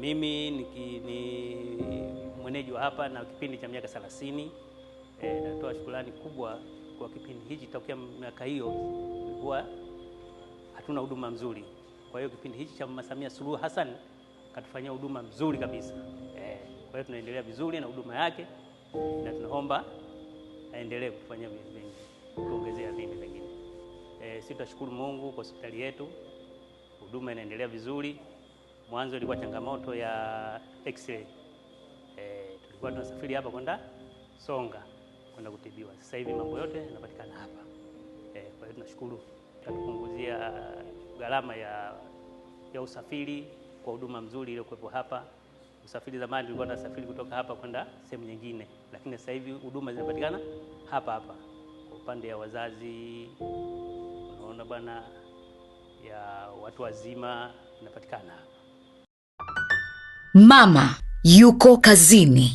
Mimi niki, ni mwenyeji wa hapa na kipindi cha miaka 30. E, eh, natoa shukrani kubwa kwa kipindi hichi. Tokea miaka hiyo ilikuwa hatuna huduma mzuri, kwa hiyo kipindi hichi cha Mama Samia Suluhu Hassan katufanyia huduma mzuri kabisa e, kwa hiyo tunaendelea vizuri na huduma yake na tunaomba aendelee kutufanyia vingi, kuongezea vingi vingine. E, sitashukuru Mungu kwa hospitali yetu, huduma inaendelea vizuri mwanzo ilikuwa changamoto ya x-ray. E, tulikuwa tunasafiri hapa kwenda Songa kwenda kutibiwa. Sasa hivi mambo yote yanapatikana hapa. E, kwa hiyo tunashukuru, tatupunguzia gharama ya, ya usafiri kwa huduma mzuri iliyokuwepo hapa. Usafiri zamani tulikuwa tunasafiri kutoka hapa kwenda sehemu nyingine, lakini sasa hivi huduma zinapatikana hapa hapa kwa upande ya wazazi, unaona bwana, ya watu wazima inapatikana hapa. Mama yuko kazini.